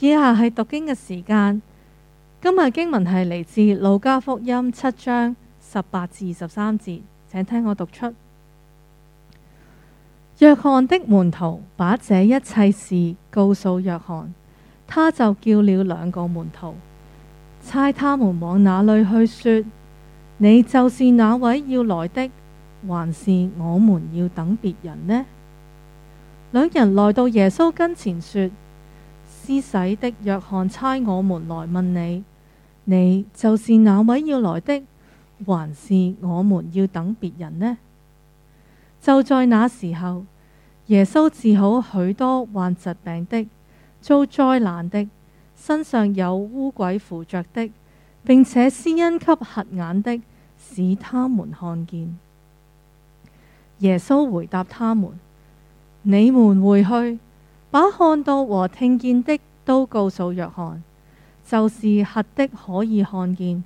以下係讀經嘅時間。今日經文係嚟自《路加福音》七章十八至二十三節，請聽我讀出。約翰的門徒把這一切事告訴約翰，他就叫了兩個門徒，猜他們往哪裏去說：你就是那位要來的，還是我們要等別人呢？兩人來到耶穌跟前說。施洗的約翰差我們來問你，你就是那位要來的，還是我們要等別人呢？就在那時候，耶穌治好許多患疾病的、遭災難的、身上有污鬼附着的，並且施恩給瞎眼的，使他們看見。耶穌回答他們：你們回去。把看到和聽見的都告訴約翰，就是瞎的可以看見，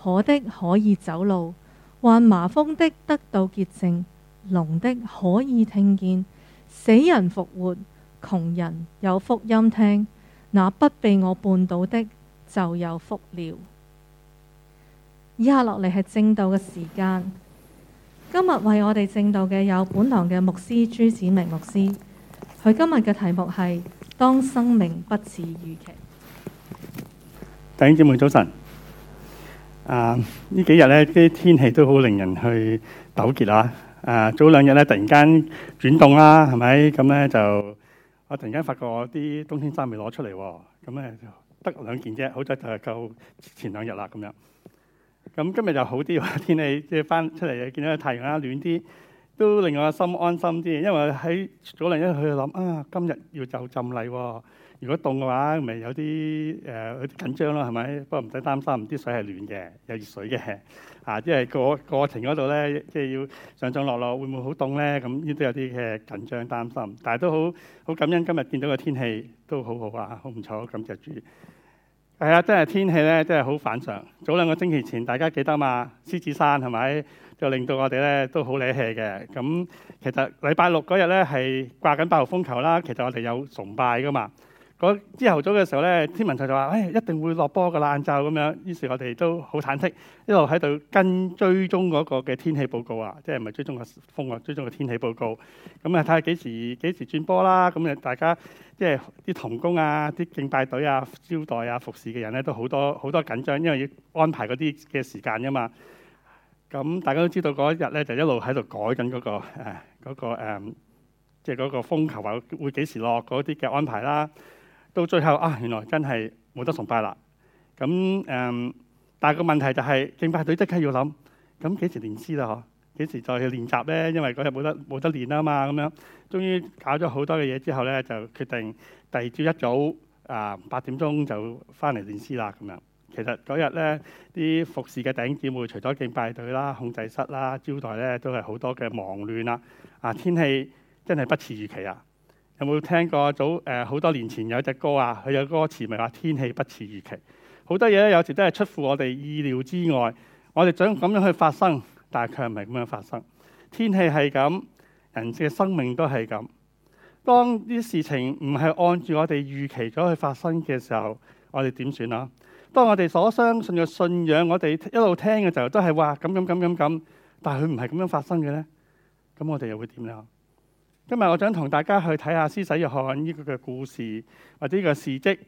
跛的可以走路，患麻風的得到潔淨，聾的可以聽見，死人復活，窮人有福音聽，那不被我絆倒的就有福了。以下落嚟係正道嘅時間，今日為我哋正道嘅有本堂嘅牧師朱子明牧師。佢今日嘅題目係當生命不似預期。弟兄姊妹早晨。啊，呢幾日咧啲天氣都好令人去糾結喇！啊，早兩日咧突然間轉凍啦，係咪？咁咧就我突然間發覺我啲冬天衫未攞出嚟喎。咁咧就得兩件啫，好在就係夠前兩日啦咁樣。咁今日就好啲喎，天氣即係翻出嚟見到個太陽啦，暖啲。都令我心安心啲，因為喺早兩日去諗啊，今日要就浸禮，如果凍嘅話，咪有啲誒緊張咯，係咪？不過唔使擔心，啲水係暖嘅，有熱水嘅。啊，即係過過程嗰度咧，即係要上上落落，會唔會好凍咧？咁呢都有啲嘅緊張擔心，但係都好好感恩今日見到嘅天氣都好好啊，好唔錯，感謝主，係啊，真係天氣咧真係好反常。早兩個星期前，大家記得嘛？獅子山係咪？就令到我哋咧都好理氣嘅，咁、嗯、其實禮拜六嗰日咧係掛緊八號風球啦。其實我哋有崇拜噶嘛，朝頭早嘅時候咧，天文台就話誒、哎、一定會落波㗎喇，晏晝咁樣，於是我哋都好忐忑，一路喺度跟追蹤嗰個嘅天氣報告啊，即係唔係追蹤個風啊，追蹤個天氣報告。咁啊睇下幾時幾時轉波啦，咁、嗯、啊大家即係啲同工啊、啲敬拜隊啊、招待啊、服侍嘅人咧都好多好多緊張，因為要安排嗰啲嘅時間噶嘛。咁大家都知道嗰一日咧就一路喺度改緊嗰個誒嗰個誒即係嗰個風球啊會幾時落嗰啲嘅安排啦。到最後啊，原來真係冇得崇拜啦。咁誒，但係個問題就係競賽隊即刻要諗，咁幾時練師啦？嗬，幾時再去練習咧？因為嗰日冇得冇得練啊嘛。咁樣終於搞咗好多嘅嘢之後咧，就決定第二朝一早啊八點鐘就翻嚟練師啦咁樣。其實嗰日咧，啲服侍嘅頂點會，除咗敬拜隊啦、控制室啦、招待咧，都係好多嘅忙亂啦。啊，天氣真係不似預期啊！有冇聽過早誒？好多年前有一隻歌啊，佢有歌詞咪話天氣不似預期，好多嘢咧，有時都係出乎我哋意料之外。我哋想咁樣去發生，但係佢唔係咁樣發生。天氣係咁，人嘅生命都係咁。當啲事情唔係按住我哋預期咗去發生嘅時候，我哋點算啊？當我哋所相信嘅信仰，我哋一路聽嘅時候都係話咁咁咁咁咁，但係佢唔係咁樣發生嘅呢。咁我哋又會點咧？今日我想同大家去睇下施洗約翰呢個嘅故事或者呢個事跡，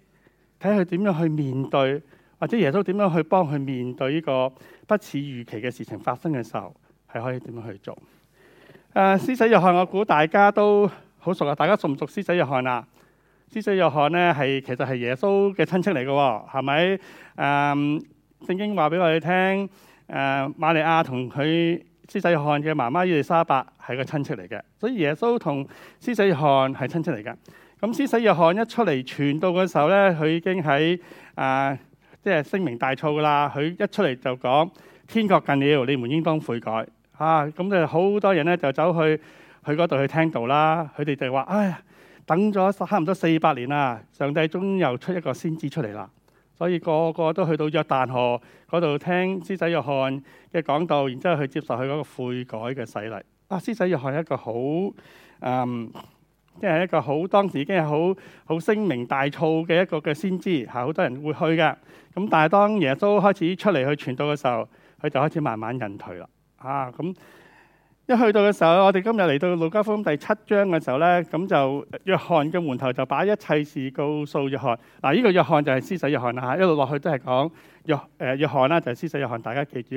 睇佢點樣去面對，或者耶穌點樣去幫佢面對呢個不似預期嘅事情發生嘅時候，係可以點樣去做？誒、啊，施洗約翰，我估大家都好熟啊，大家熟唔熟施洗約翰啊？施洗約翰咧係其實係耶穌嘅親戚嚟噶，係咪？誒、嗯，聖經話俾我哋聽，誒、嗯，瑪利亞同佢施洗約翰嘅媽媽伊利莎伯係個親戚嚟嘅，所以耶穌同施洗約翰係親戚嚟噶。咁施洗約翰一出嚟傳道嘅時候咧，佢已經喺誒、啊，即係聲名大噪啦。佢一出嚟就講天國近了，你們應當悔改。啊，咁就好多人咧就走去佢嗰度去聽道啦。佢哋就話，唉。」等咗差唔多四百年啦，上帝終於又出一個先知出嚟啦，所以個個都去到約旦河嗰度聽施洗約翰嘅講道，然之後去接受佢嗰個悔改嘅洗禮。啊，施洗約翰係一個好，嗯，即係一個好當時已經係好好聲名大噪嘅一個嘅先知，係好多人會去噶。咁但係當耶穌開始出嚟去傳道嘅時候，佢就開始慢慢隱退啦。啊，咁、嗯。一去到嘅時候，我哋今日嚟到《路加福音》第七章嘅時候咧，咁就約翰嘅門徒就把一切事告訴約翰。嗱、啊，呢、這個約翰就係施洗約翰啦嚇，一路落去都係講約誒約翰啦，呃、翰就係施洗約翰。大家記住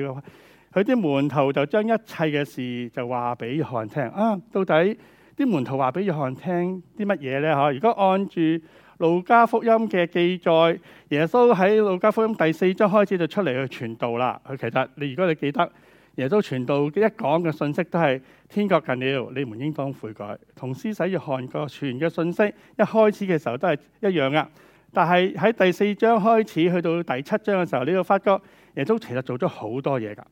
佢啲門徒就將一切嘅事就話俾約翰聽。啊，到底啲門徒話俾約翰聽啲乜嘢咧？嗬、啊，如果按住《路加福音》嘅記載，耶穌喺《路加福音》第四章開始就出嚟去傳道啦。佢其實你如果你記得。耶穌傳道一講嘅信息都係天國近了，你們應當悔改。同施洗約翰傳嘅信息一開始嘅時候都係一樣噶，但係喺第四章開始去到第七章嘅時候，你就發覺耶穌其實做咗好多嘢㗎。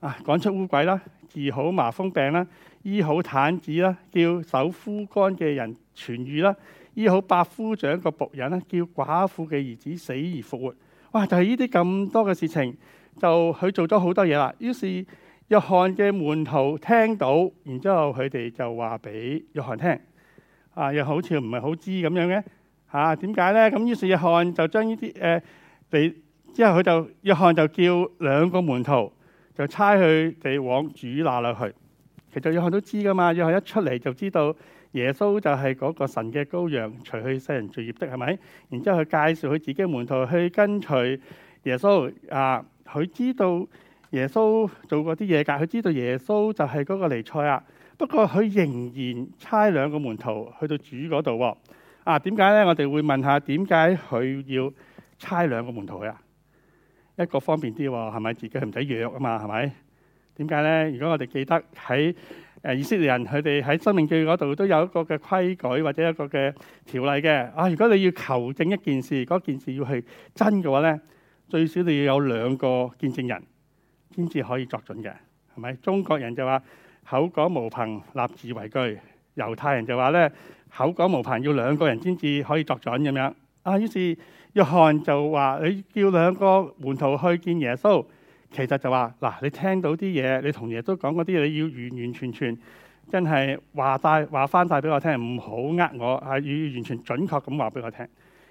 啊，趕出烏鬼啦，治好麻風病啦，醫好癱子啦，叫手枯乾嘅人痊癒啦，醫好百夫長個僕人啦，叫寡婦嘅兒子死而復活。哇！就係呢啲咁多嘅事情。就佢做咗好多嘢啦，於是約翰嘅門徒聽到，然之後佢哋就話俾約翰聽，啊約翰好似唔係好知咁樣嘅嚇，點解咧？咁於是約翰就將呢啲誒地，之後佢就約翰就叫兩個門徒就差佢哋往主那落去。其實約翰都知噶嘛，約翰一出嚟就知道耶穌就係嗰個神嘅羔羊，除去世人罪孽的係咪？然之後佢介紹佢自己嘅門徒去跟隨耶穌啊。佢知道耶穌做過啲嘢㗎，佢知道耶穌就係嗰個彌賽亞。不過佢仍然差兩個門徒去到主嗰度喎。啊，點解咧？我哋會問下點解佢要差兩個門徒呀？一個方便啲喎，係咪？自己係唔使約啊嘛，係咪？點解咧？如果我哋記得喺誒以色列人佢哋喺申命記嗰度都有一個嘅規矩或者一個嘅條例嘅啊。如果你要求證一件事，嗰件事要係真嘅話咧。最少你要有兩個見證人，先至可以作準嘅，係咪？中國人就話口講無憑，立字為據；猶太人就話咧口講無憑要兩個人先至可以作準咁樣。啊，於是約翰就話：你叫兩個門徒去見耶穌，其實就話嗱，你聽到啲嘢，你同耶穌講嗰啲嘢你要完完全全真，真係話曬話翻曬俾我聽，唔好呃我，係要完全準確咁話俾我聽。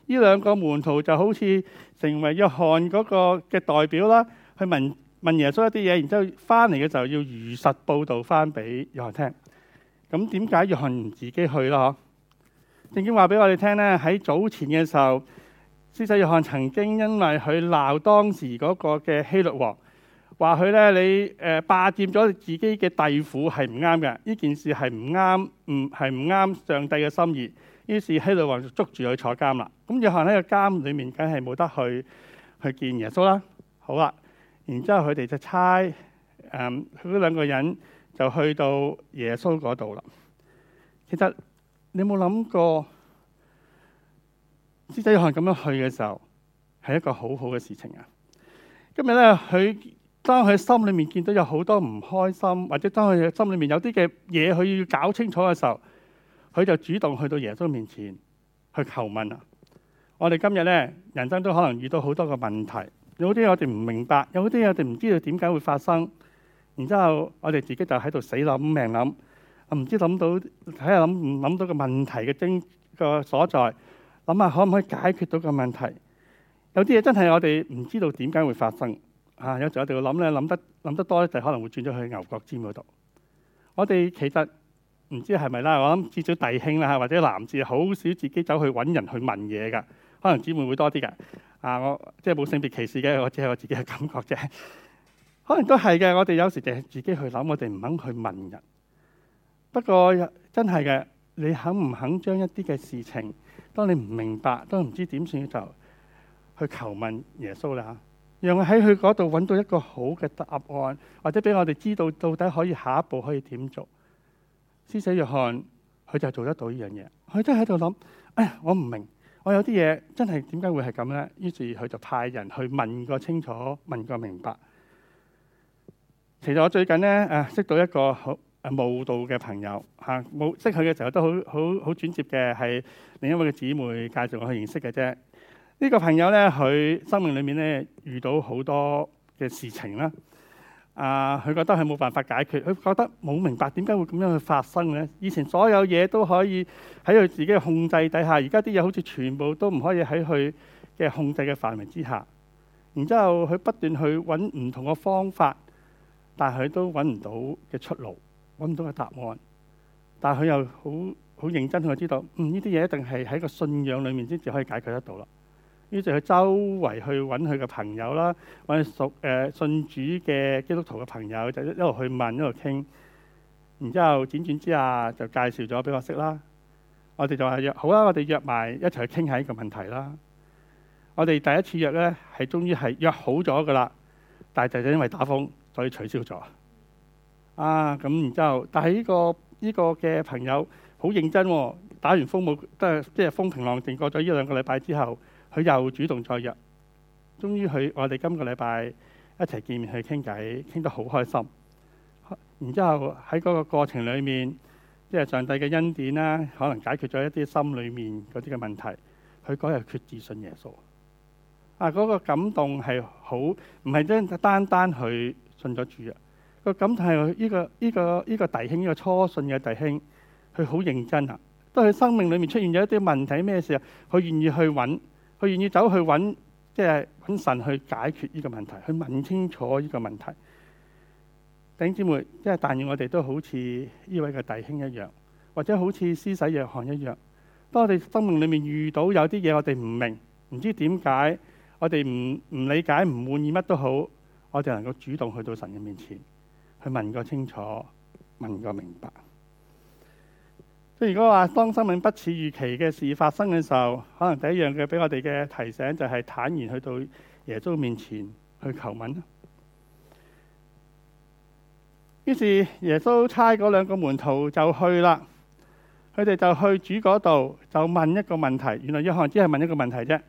呢兩個門徒就好似成為約翰嗰個嘅代表啦，去問問耶穌一啲嘢，然之後翻嚟嘅時候要如實報道翻俾約翰聽。咁點解約翰唔自己去啦？嗬？正經話俾我哋聽咧，喺早前嘅時候，施洗約翰曾經因為佢鬧當時嗰個嘅希律王，話佢咧你誒、呃、霸佔咗自己嘅弟婦係唔啱嘅，呢件事係唔啱，唔係唔啱上帝嘅心意。於是希律王就捉住佢坐監啦，咁約翰喺個監裏面，梗係冇得去去見耶穌啦。好啦，然之後佢哋就差，誒佢兩個人就去到耶穌嗰度啦。其實你有冇諗過，施洗約翰咁樣去嘅時候，係一個好好嘅事情啊？今日咧，佢當佢心裏面見到有好多唔開心，或者當佢心裏面有啲嘅嘢，佢要搞清楚嘅時候。佢就主動去到耶穌面前去求問啊！我哋今日咧，人生都可能遇到好多個問題，有啲我哋唔明白，有啲我哋唔知道點解會發生。然之後我哋自己就喺度死諗命諗，唔知諗到睇下諗唔諗到個問題嘅精個所在，諗下可唔可以解決到個問題？有啲嘢真係我哋唔知道點解會發生啊！有時我哋諗咧，諗得諗得多咧，就可能會轉咗去牛角尖嗰度。我哋其實...唔知係咪啦？我諗至少弟兄啦，或者男士好少自己走去揾人去問嘢噶，可能姊妹會多啲噶。啊，我即係冇性別歧視嘅，我只係我自己嘅感覺啫。可能都係嘅。我哋有時就係自己去諗，我哋唔肯去問人。不過真係嘅，你肯唔肯將一啲嘅事情，當你唔明白，都唔知點算嘅時候，就去求問耶穌啦，讓我喺佢嗰度揾到一個好嘅答案，或者俾我哋知道到底可以下一步可以點做。施洗約翰，佢就做得到呢樣嘢。佢真係喺度諗，哎呀，我唔明，我有啲嘢真係點解會係咁咧？於是佢就派人去問個清楚，問個明白。其實我最近咧誒、啊、識到一個好誒慕道嘅朋友嚇，冇、啊、識佢嘅時候都好好好轉接嘅，係另一位嘅姊妹介紹我去認識嘅啫。呢、這個朋友咧，佢生命裏面咧遇到好多嘅事情啦。啊！佢覺得佢冇辦法解決，佢覺得冇明白點解會咁樣去發生咧。以前所有嘢都可以喺佢自己嘅控制底下，而家啲嘢好似全部都唔可以喺佢嘅控制嘅範圍之下。然之後佢不斷去揾唔同嘅方法，但係佢都揾唔到嘅出路，揾唔到嘅答案。但係佢又好好認真，佢知道，嗯，呢啲嘢一定係喺個信仰裡面先至可以解決得到啦。於是佢周圍去揾佢嘅朋友啦，揾啲屬、呃、信主嘅基督徒嘅朋友，就一路去問一路傾。然之後，輾轉之下就介紹咗俾我識啦。我哋就話約好啦、啊，我哋約埋一齊去傾下呢個問題啦。我哋第一次約咧係終於係約好咗噶啦，但係就因為打風所以取消咗啊。咁然之後，但係呢個呢個嘅朋友好認真喎、哦。打完風冇都係即係風平浪靜過咗呢兩個禮拜之後。佢又主動再約，終於佢我哋今個禮拜一齊見面去傾偈，傾得好開心。然之後喺嗰個過程裡面，即係上帝嘅恩典啦，可能解決咗一啲心裏面嗰啲嘅問題。佢嗰日決志信耶穌啊，嗰個感動係好，唔係即係單單去信咗主啊。嗰個感動係呢個呢個呢個弟兄呢個初信嘅弟兄，佢好認真啊。當佢生命裡面出現咗一啲問題咩事啊，佢願意去揾。佢願意走去揾，即係揾神去解決呢個問題，去問清楚呢個問題。弟兄姊妹，即係但願我哋都好似呢位嘅弟兄一樣，或者好似施洗約翰一樣。當我哋生命裏面遇到有啲嘢我哋唔明，唔知點解，我哋唔唔理解、唔滿意乜都好，我哋能夠主動去到神嘅面前，去問個清楚，問個明白。即如果話當生命不似預期嘅事發生嘅時候，可能第一樣嘅俾我哋嘅提醒就係坦然去到耶穌面前去求問啦。於是耶穌差嗰兩個門徒就去啦，佢哋就去主嗰度就問一個問題。原來約翰只係問一個問題啫，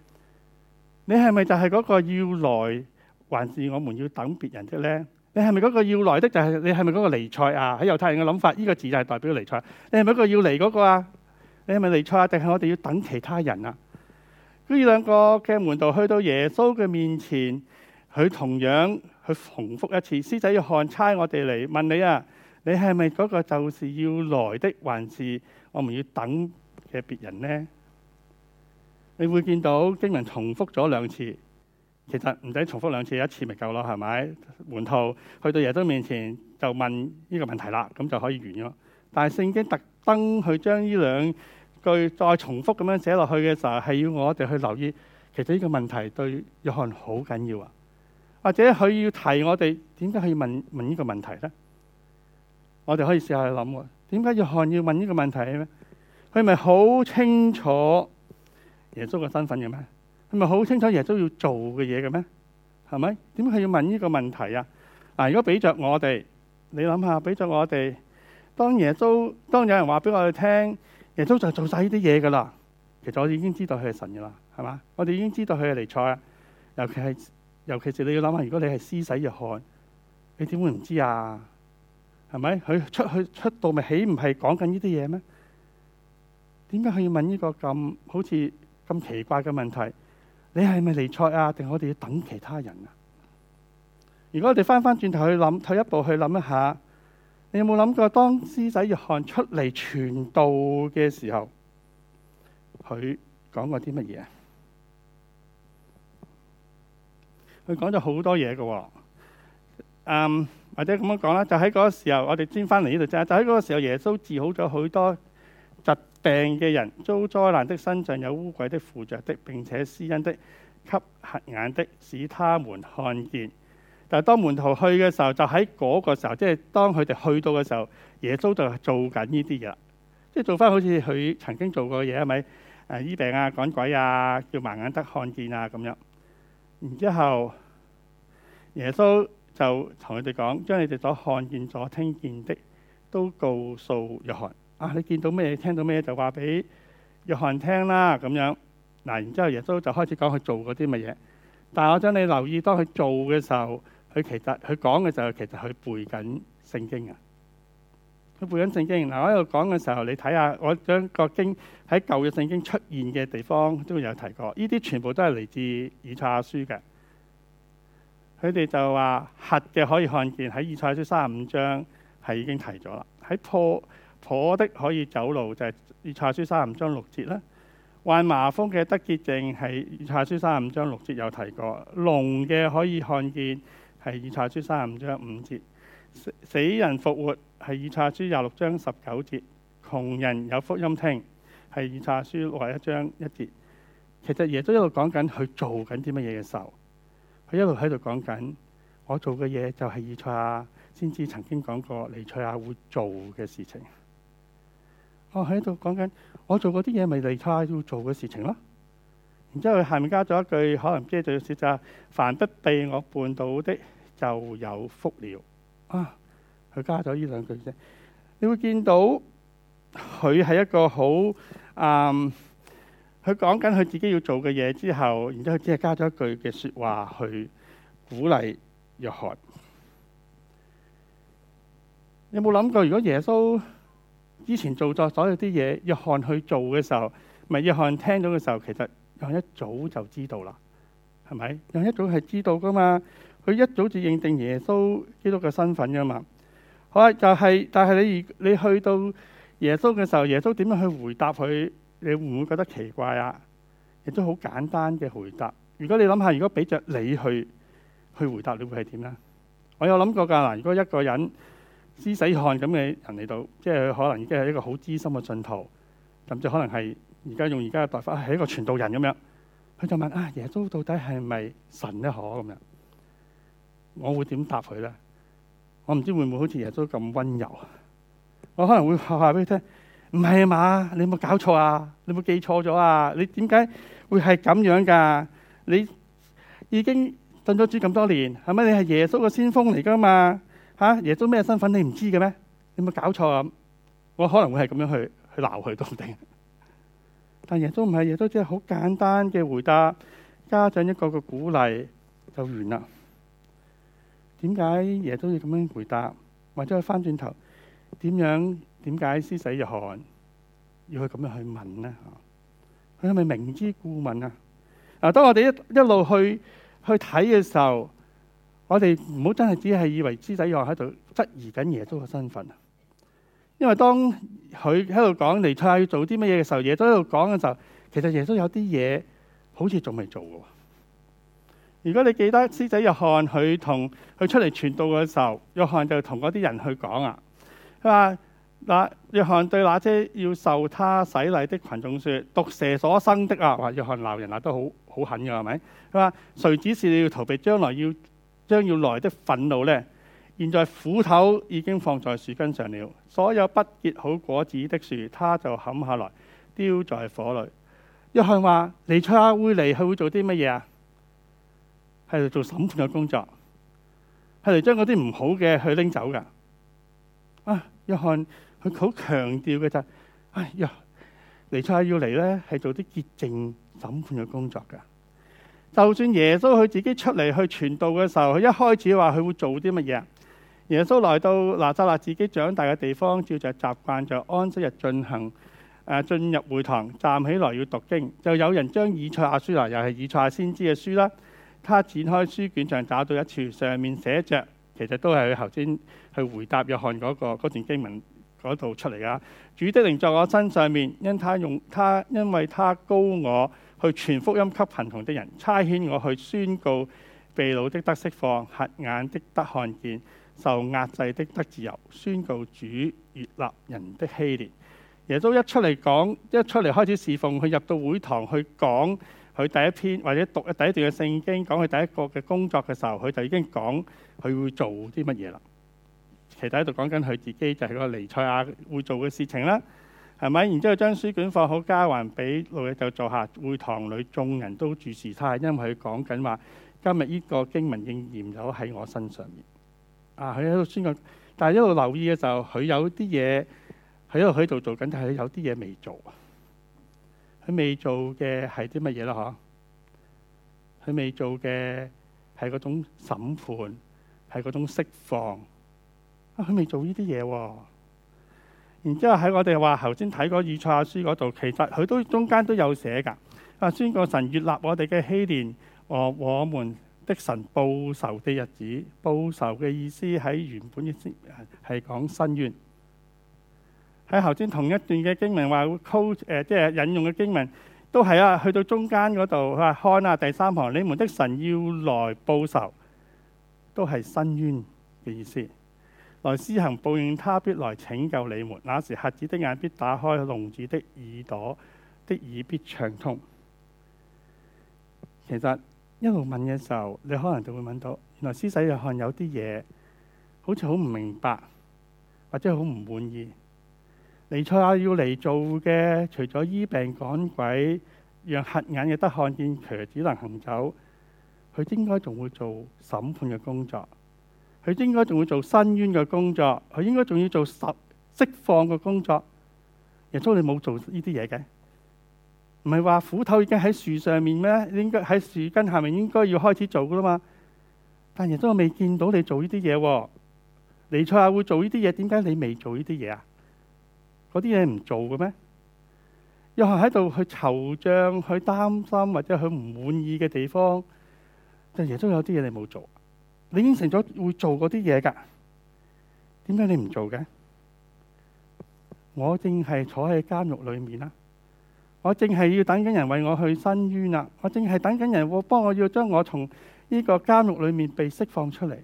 你係咪就係嗰個要來，還是我們要等別人啫呢？你係咪嗰個要來的？就係、是、你係咪嗰個尼賽啊？喺猶太人嘅諗法，呢、這個字就係代表尼賽。你係咪嗰個要嚟嗰、那個啊？你係咪尼賽啊？定係我哋要等其他人啊？呢兩個嘅門徒去到耶穌嘅面前，佢同樣去重複一次。獅仔要看差我哋嚟問你啊，你係咪嗰個就是要來的，還是我們要等嘅別人呢？你會見到經文重複咗兩次。其實唔使重複兩次，一次咪夠咯，係咪？門徒去到耶穌面前就問呢個問題啦，咁就可以完咗。但係聖經特登去將呢兩句再重複咁樣寫落去嘅時候，係要我哋去留意，其實呢個問題對約翰好緊要啊，或者佢要提我哋，點解可以問問呢個問題咧？我哋可以試下去諗，點解約翰要問呢個問題咧？佢咪好清楚耶穌嘅身份嘅咩？係咪好清楚耶穌要做嘅嘢嘅咩？係咪？點解佢要問呢個問題啊？嗱，如果俾着我哋，你諗下，俾着我哋，當耶穌，當有人話俾我哋聽，耶穌就做晒呢啲嘢噶啦。其實我哋已經知道佢係神噶啦，係嘛？我哋已經知道佢係彌賽亞。尤其係，尤其是你要諗下，如果你係施洗約翰，你點會唔知啊？係咪？佢出去出道咪起唔係講緊呢啲嘢咩？點解佢要問呢個咁好似咁奇怪嘅問題？你係咪嚟賽啊？定我哋要等其他人啊？如果我哋翻翻轉頭去諗，退一步去諗一下，你有冇諗過當施洗約翰出嚟傳道嘅時候，佢講過啲乜嘢？佢講咗好多嘢嘅，哦，嗯，或者咁樣講啦，就喺嗰個時候，我哋先翻嚟呢度啫。就喺嗰個時候，耶穌治好咗好多。疾病嘅人遭，災難的，身上有污鬼的附着的。並且私恩的給瞎眼的，使他們看見。但係當門徒去嘅時候，就喺嗰個時候，即係當佢哋去到嘅時候，耶穌就做緊呢啲嘢，即係做翻好似佢曾經做過嘅嘢，係咪？誒，醫病啊，趕鬼啊，叫盲眼得看見啊，咁樣。然之後耶穌就同佢哋講：將你哋所看見、所聽見的，都告訴約翰。啊！你見到咩？聽到咩？就話俾約翰聽啦。咁樣嗱，然之後耶穌就開始講佢做嗰啲乜嘢。但係我想你留意當佢做嘅時候，佢其實佢講嘅就係其實佢背緊聖經啊。佢背緊聖經嗱，我喺度講嘅時候，你睇下我將個經喺舊嘅聖經出現嘅地方都有提過。呢啲全部都係嚟自以賽亞書嘅。佢哋就話核嘅可以看見喺以賽亞書三十五章係已經提咗啦。喺破。跛的可以走路，就係以賽亞書三十五章六節啦。患麻風嘅得潔淨係以賽亞書三十五章六節有提過。聾嘅可以看見係以賽亞書三十五章五節。死人復活係以賽亞書廿六章十九節。窮人有福音聽係以賽亞書六十一章一節。其實耶穌都一路講緊佢做緊啲乜嘢嘅時候，佢一路喺度講緊我做嘅嘢就係以賽亞先至曾經講過，以賽亞會做嘅事情。我喺度講緊，我做嗰啲嘢咪嚟，他要做嘅事情咯。然之後下面加咗一句，可能即係最少就係、是：凡不被我絆倒的，就有福了。啊，佢加咗呢兩句啫。你會見到佢係一個好，嗯，佢講緊佢自己要做嘅嘢之後，然之後只係加咗一句嘅説話去鼓勵約翰。你有冇諗過，如果耶穌？之前做咗所有啲嘢，約翰去做嘅時候，咪約翰聽到嘅時候，其實約翰一早就知道啦，係咪？約翰一早係知道噶嘛，佢一早就認定耶穌基督嘅身份噶嘛。好啦，啊，就係、是，但係你你去到耶穌嘅時候，耶穌點樣去回答佢？你會唔會覺得奇怪啊？亦都好簡單嘅回答。如果你諗下，如果俾着你去去回答，你會係點咧？我有諗過㗎啦。如果一個人施洗約翰咁嘅人嚟到，即係佢可能已經係一個好資深嘅信徒，甚至可能係而家用而家嘅代法係一個傳道人咁樣，佢就問啊：耶穌到底係咪神一可咁樣？我會點答佢咧？我唔知會唔會好似耶穌咁溫柔。我可能會話俾佢聽：唔係啊嘛，你有冇搞錯啊？你有冇記錯咗啊？你點解會係咁樣噶？你已經信咗主咁多年，係咪你係耶穌嘅先鋒嚟噶嘛？嚇、啊！耶穌咩身份你唔知嘅咩？你冇搞錯啊？我可能會係咁樣去去鬧佢都唔定。 但耶穌唔係，耶穌，即係好簡單嘅回答，加上一個個鼓勵就完啦。點解耶穌要咁樣回答？或者佢翻轉頭點樣？點解施洗約翰要去咁樣去問呢？佢係咪明知故問啊？嗱、啊，當我哋一一路去去睇嘅時候。我哋唔好真係只係以為施洗約翰喺度質疑緊耶穌嘅身份，因為當佢喺度講離太要做啲乜嘢嘅時候，耶穌喺度講嘅時候，其實耶穌有啲嘢好似仲未做嘅。如果你記得施洗約翰佢同佢出嚟傳道嘅時候，約翰就同嗰啲人去講啊，佢話嗱約翰對那些要受他洗禮的群眾説：毒蛇所生的啊！話約翰鬧人啊，都好好狠嘅，係咪？佢話誰指示你要逃避將來要？將要來的憤怒咧，現在斧頭已經放在樹根上了。所有不結好果子的樹，他就砍下來，丟在火裏。約翰話：彌賽亞會嚟，佢會做啲乜嘢啊係度做審判嘅工作，係嚟將嗰啲唔好嘅去拎走噶。啊，約翰佢好強調嘅就係哎呀，彌賽亞要嚟咧，係做啲潔淨審判嘅工作噶。就算耶穌佢自己出嚟去傳道嘅時候，佢一開始話佢會做啲乜嘢？耶穌來到拿撒勒，自己長大嘅地方，照著習慣就安息日進行誒進、呃、入會堂，站起來要讀經，就有人將以賽亞書嚟，又係以賽亞先知嘅書啦。他展開書卷，上找到一處，上面寫着，其實都係佢頭先去回答約翰嗰、嗰個嗰段經文嗰度出嚟噶。主的靈在我身上面，因他用他，因為他高我。去傳福音給貧窮的人，差遣我去宣告被擄的得釋放，瞎眼的得看見，受壓制的得自由。宣告主悅納人的禧年。耶穌一出嚟講，一出嚟開始侍奉，佢入到會堂去講，佢第一篇或者讀第一段嘅聖經，講佢第一個嘅工作嘅時候，佢就已經講佢會做啲乜嘢啦。其實喺度講緊佢自己就係個彌賽亞會做嘅事情啦。係咪？然之後將書卷放好，交還俾老爺，就做下會堂裏眾人都注視他，因為佢講緊話：今日呢個經文應驗有喺我身上面。啊，佢喺度宣告，但係一路留意咧，就佢有啲嘢佢一度喺度做緊，但係有啲嘢未做。佢未做嘅係啲乜嘢咧？嗬？佢未做嘅係嗰種審判，係嗰種釋放。啊！佢未做呢啲嘢喎。然之後喺我哋話頭先睇過以賽亞書嗰度，其實佢都中間都有寫㗎。啊，宣告神悅納我哋嘅禧年和我們的神報仇嘅日子，報仇嘅意思喺原本嘅係講申冤。喺頭先同一段嘅經文話 quote 誒即係引用嘅經文，都係啊，去到中間嗰度話看啊第三行，你們的神要來報仇，都係申冤嘅意思。來施行報應，他必來拯救你們。那時瞎子的眼必打開，聾子的耳朵的耳必暢通。其實一路問嘅時候，你可能就會問到：原來施洗約翰有啲嘢好似好唔明白，或者好唔滿意。尼賽亞要嚟做嘅，除咗醫病趕鬼，讓瞎眼嘅得看見，瘸子能行走，佢應該仲會做審判嘅工作。佢應該仲要做伸冤嘅工作，佢應該仲要做釋釋放嘅工作。耶穌你冇做呢啲嘢嘅？唔係話斧頭已經喺樹上面咩？應該喺樹根下面應該要開始做噶啦嘛。但耶穌我未見到你做呢啲嘢喎。彌賽亞會做呢啲嘢，點解你未做呢啲嘢啊？嗰啲嘢唔做嘅咩？又係喺度去惆悵、去擔心或者去唔滿意嘅地方。但耶穌有啲嘢你冇做。你應承咗會做嗰啲嘢㗎？點解你唔做嘅？我淨係坐喺監獄裏面啦，我淨係要等緊人為我去伸冤啊！我淨係等緊人幫我要將我從呢個監獄裏面被釋放出嚟。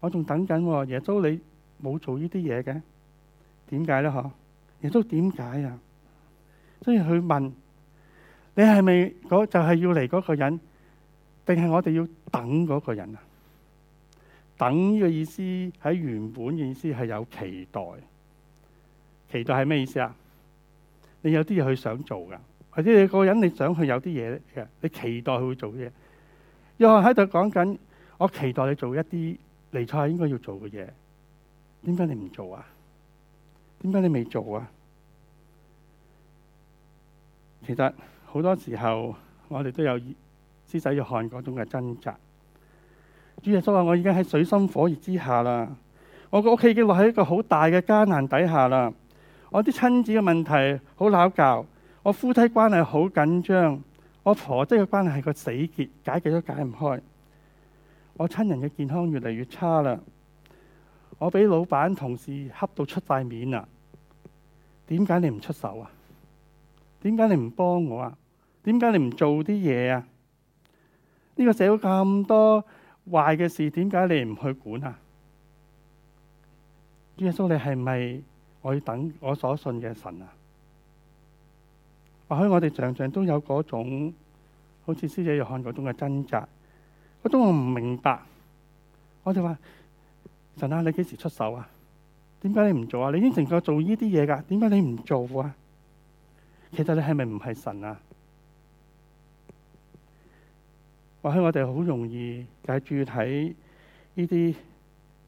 我仲等緊喎，耶穌你冇做呢啲嘢嘅？點解呢？嗬，耶穌點解啊？所以佢問你係咪就係要嚟嗰個人，定係我哋要等嗰個人啊？等依個意思喺原本嘅意思係有期待。期待係咩意思啊？你有啲嘢去想做㗎，或者你個人你想去有啲嘢嘅，你期待佢會做嘅嘢。若喺度講緊，我期待你做一啲嚟賽應該要做嘅嘢，點解你唔做啊？點解你未做啊？其實好多時候我哋都有師仔要看嗰種嘅掙扎。主耶穌話：我已經喺水深火熱之下啦，我個屋企嘅話喺一個好大嘅艱難底下啦，我啲親子嘅問題好鬧交，我夫妻關係好緊張，我婆姐嘅關係係個死結，解決都解唔開，我親人嘅健康越嚟越差啦，我俾老闆同事恰到出晒面啦，點解你唔出手啊？點解你唔幫我啊？點解你唔做啲嘢啊？呢個社會咁多。壞嘅事點解你唔去管啊？耶穌，你係咪我要等我所信嘅神啊？或許我哋常常都有嗰種，好似施洗約翰嗰種嘅掙扎，嗰種我唔明白。我就話神啊，你幾時出手啊？點解你唔做啊？你應承過做呢啲嘢㗎，點解你唔做啊？其實你係咪唔係神啊？或許我哋好容易就介住喺呢啲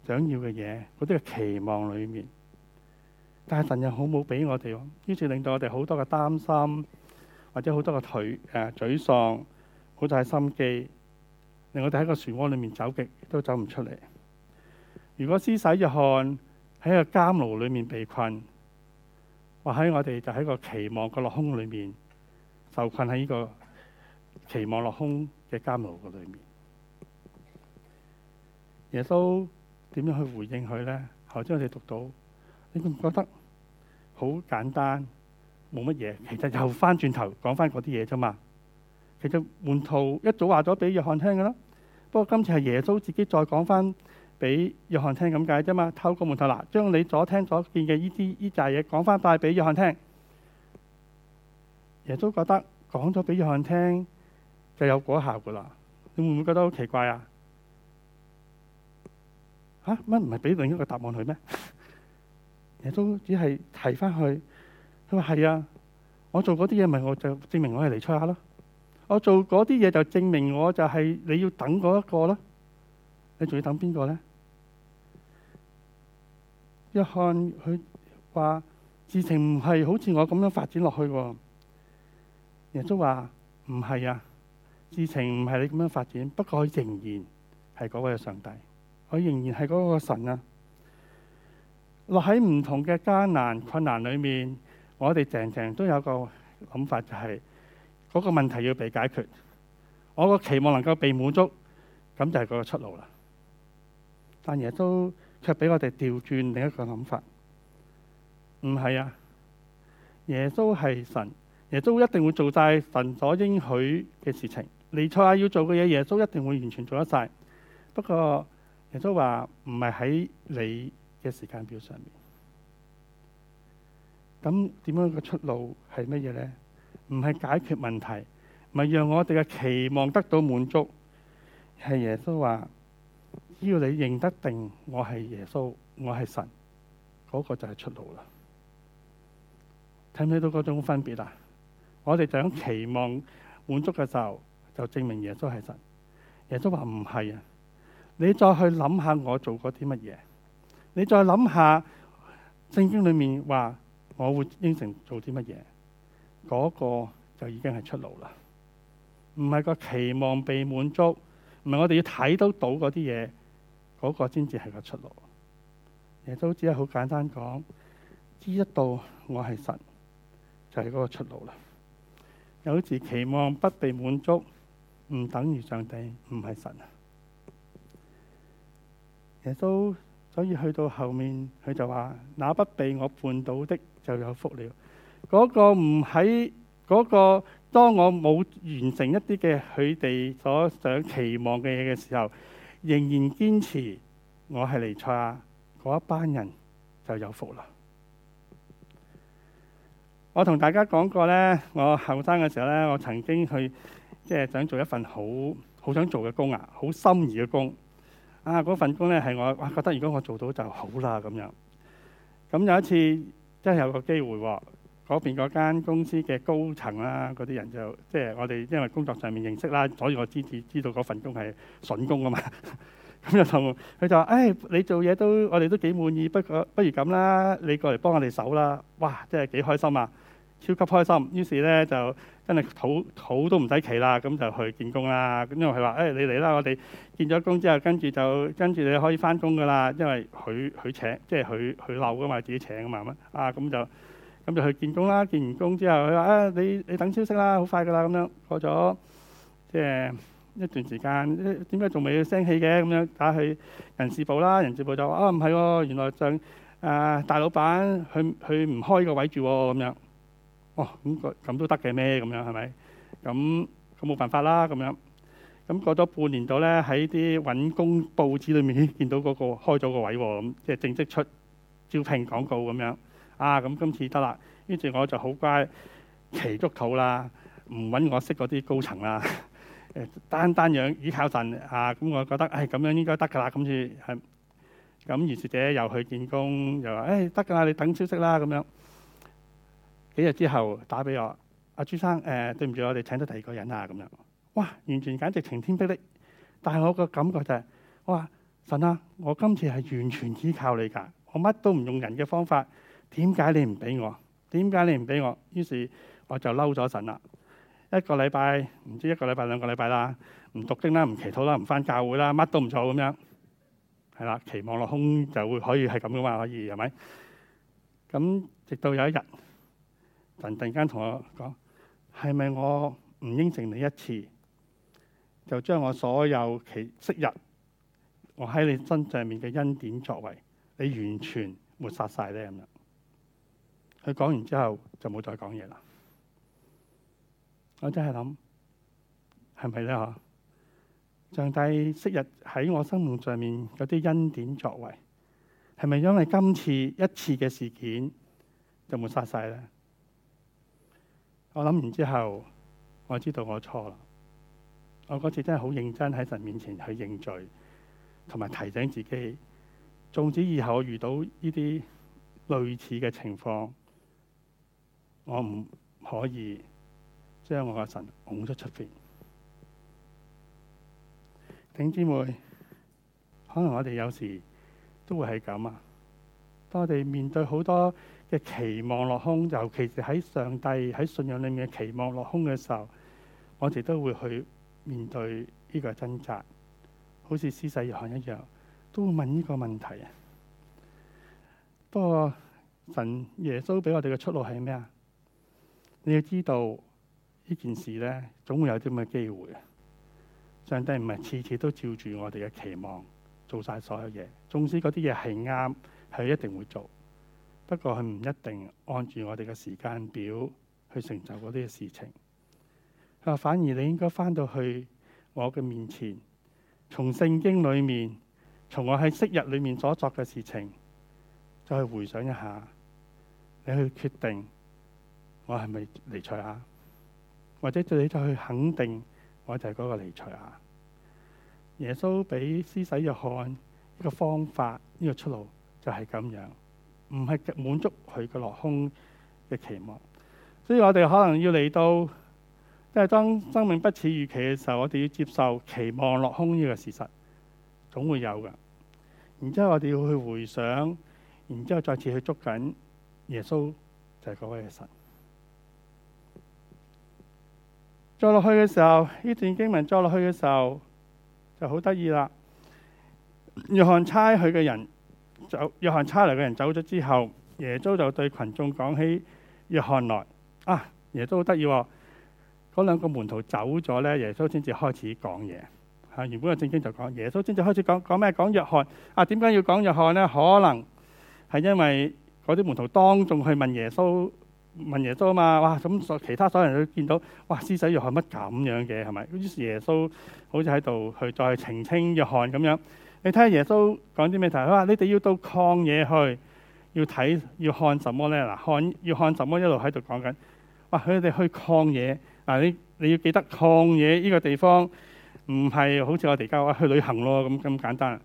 想要嘅嘢，嗰啲嘅期望裏面，但係神又好冇俾我哋，於是令到我哋好多嘅擔心，或者好多嘅頹、誒、呃、沮喪，好大心機，令我哋喺個漩渦裏面走極都走唔出嚟。如果施洗約翰喺個監牢裏面被困，或許我哋就喺個期望嘅落空裏面受困喺呢個期望落空嘅監獄嗰裏面，耶穌點樣去回應佢呢？後張我哋讀到，你覺唔覺得好簡單？冇乜嘢，其實又翻轉頭講翻嗰啲嘢啫嘛。其實門徒一早話咗俾約翰聽㗎啦，不過今次係耶穌自己再講翻俾約翰聽咁解啫嘛。透過門徒嗱，將你所聽所見嘅呢啲呢扎嘢講翻帶俾約翰聽。耶穌覺得講咗俾約翰聽。就有果效㗎喇！你會唔會覺得好奇怪啊？嚇乜唔係俾另一個答案佢咩？耶穌只係提翻去佢，佢話係啊！我做嗰啲嘢咪我就證明我係尼撒咯。我做嗰啲嘢就證明我就係你要等嗰一個咯。你仲要等邊個呢？約翰佢話事情唔係好似我咁樣發展落去喎。耶穌話唔係啊。事情唔係你咁樣發展，不過仍然係嗰位上帝，佢仍然係嗰個神啊。落喺唔同嘅艱難困難裏面，我哋成成都有個諗法，就係嗰個問題要被解決，我個期望能夠被滿足，咁就係個出路啦。但耶穌卻俾我哋調轉另一個諗法，唔係啊，耶穌係神，耶穌一定會做晒神所應許嘅事情。尼賽亞要做嘅嘢，耶穌一定會完全做得晒。不過耶穌話唔係喺你嘅時間表上面。咁點樣嘅出路係乜嘢呢？唔係解決問題，唔係讓我哋嘅期望得到滿足，係耶穌話：只要你認得定我係耶穌，我係神，嗰個就係出路啦。睇唔睇到嗰種分別啊？我哋就喺期望滿足嘅時候。就證明耶穌係神。耶穌話唔係啊，你再去諗下我做過啲乜嘢，你再諗下聖經裡面話我會應承做啲乜嘢，嗰個就已經係出路啦。唔係個期望被滿足，唔係我哋要睇得到嗰啲嘢，嗰個先至係個出路。耶穌只係好簡單講：知道我係神，就係嗰個出路啦。有時期望不被滿足。唔等於上帝，唔係神啊！耶穌，所以去到後面，佢就話：那不被我絆倒的就有福了。嗰、那個唔喺嗰個，當我冇完成一啲嘅佢哋所想期望嘅嘢嘅時候，仍然堅持我係彌賽亞，嗰一班人就有福啦。我同大家講過呢，我後生嘅時候呢，我曾經去。即係想做一份好好想做嘅工，工啊，好心儀嘅工啊！嗰份工咧係我哇覺得如果我做到就好啦咁樣。咁、嗯、有一次真係有個機會喎，嗰邊嗰間公司嘅高層啦，嗰啲人就即係我哋因為工作上面認識啦，所以我知知知道嗰份工係筍工啊嘛。咁就同佢就話：誒、哎、你做嘢都我哋都幾滿意，不過不如咁啦，你過嚟幫我哋手啦！哇，真係幾開心啊！超級開心，於是呢就真係土土都唔使企啦，咁就去見工啦。咁因為佢話：誒你嚟啦，我哋見咗工之後，跟住就跟住你可以翻工噶啦。因為佢佢請即係佢佢漏噶嘛，自己請㗎嘛啊。咁就咁就去見工啦。見完工之後，佢話：啊你你等消息啦，好快噶啦咁樣。過咗即係一段時間，點解仲未有聲氣嘅？咁樣打去人事部啦，人事部就話：啊唔係喎，原來就誒大老闆佢佢唔開個位住喎咁樣。哦，咁個咁都得嘅咩？咁樣係咪？咁咁冇辦法啦。咁樣咁過咗半年度咧，喺啲揾工報紙裏面見到嗰個開咗個位喎，咁、啊、即係正式出招聘廣告咁樣。啊，咁今次得啦。跟住我就好乖，祈足禱啦，唔揾我識嗰啲高層啦。誒， 單單樣依靠神啊，咁我覺得誒咁、哎、樣應該得㗎啦。咁樣係咁，於是者又去見工，又話誒得㗎啦，你等消息啦咁樣。幾日之後打俾我，阿、啊、朱生誒、呃、對唔住，我哋請咗第二個人啦咁樣。哇，完全簡直晴天霹靂！但係我個感覺就係、是，我話神啊，我今次係完全依靠你㗎，我乜都唔用人嘅方法，點解你唔俾我？點解你唔俾我？於是我就嬲咗神啦。一個禮拜唔知一個禮拜兩個禮拜啦，唔讀經啦，唔祈禱啦，唔返教會啦，乜都唔做咁樣。係啦，期望落空就會可以係咁噶嘛，可以係咪？咁直到有一日。突然間同我講：係咪我唔應承你一次，就將我所有其昔日我喺你身上面嘅恩典作為，你完全抹殺晒咧？咁樣，佢講完之後就冇再講嘢啦。我真係諗係咪咧？嗬、啊，上帝昔日喺我生命上面嗰啲恩典作為，係咪因為今次一次嘅事件就抹殺晒咧？我諗完之後，我知道我錯啦。我嗰次真係好認真喺神面前去認罪，同埋提醒自己，縱使以後我遇到呢啲類似嘅情況，我唔可以將我個神拱咗出邊。頂姊妹，可能我哋有時都會係咁啊，當我哋面對好多。嘅期望落空，尤其是喺上帝喺信仰裏面嘅期望落空嘅時候，我哋都會去面對呢個掙扎，好似施洗約翰一樣都會問呢個問題啊。不過神耶穌俾我哋嘅出路係咩啊？你要知道呢件事咧，總會有啲咁嘅機會啊！上帝唔係次次都照住我哋嘅期望做晒所有嘢，縱使嗰啲嘢係啱，係一定會做。不過佢唔一定按住我哋嘅時間表去成就嗰啲事情。佢話，反而你應該翻到去我嘅面前，從聖經裡面，從我喺昔日裡面所作嘅事情，再去回想一下，你去決定我係咪彌賽亞啊？或者你再去肯定我就係嗰個彌賽亞啊？耶穌俾施洗約翰呢個方法，呢個出路就係咁樣。唔係滿足佢嘅落空嘅期望，所以我哋可能要嚟到，即係當生命不似預期嘅時候，我哋要接受期望落空呢個事實，總會有㗎。然之後我哋要去回想，然之後再次去捉緊耶穌，就係嗰位嘅神。再落去嘅時候，呢段經文再落去嘅時候就好得意啦。約翰差佢嘅人。走約翰差嚟嘅人走咗之後，耶穌就對群眾講起約翰來。啊，耶穌好得意喎！嗰兩個門徒走咗咧，耶穌先至開始講嘢。嚇，原本嘅正經就講耶穌先至開始講講咩？講約翰啊？點解要講約翰咧？可能係因為嗰啲門徒當眾去問耶穌問耶穌啊嘛。哇！咁其他所有人都見到哇，師仔約翰乜咁樣嘅係咪？於是耶穌好似喺度去再澄清約翰咁樣。你睇下耶穌講啲咩題？佢話：你哋要到曠野去，要睇要看什麼咧？嗱，看要看什麼？一路喺度講緊。哇！佢哋去曠野嗱，你你要記得曠野呢個地方唔係好似我哋而家去旅行咯，咁咁簡單。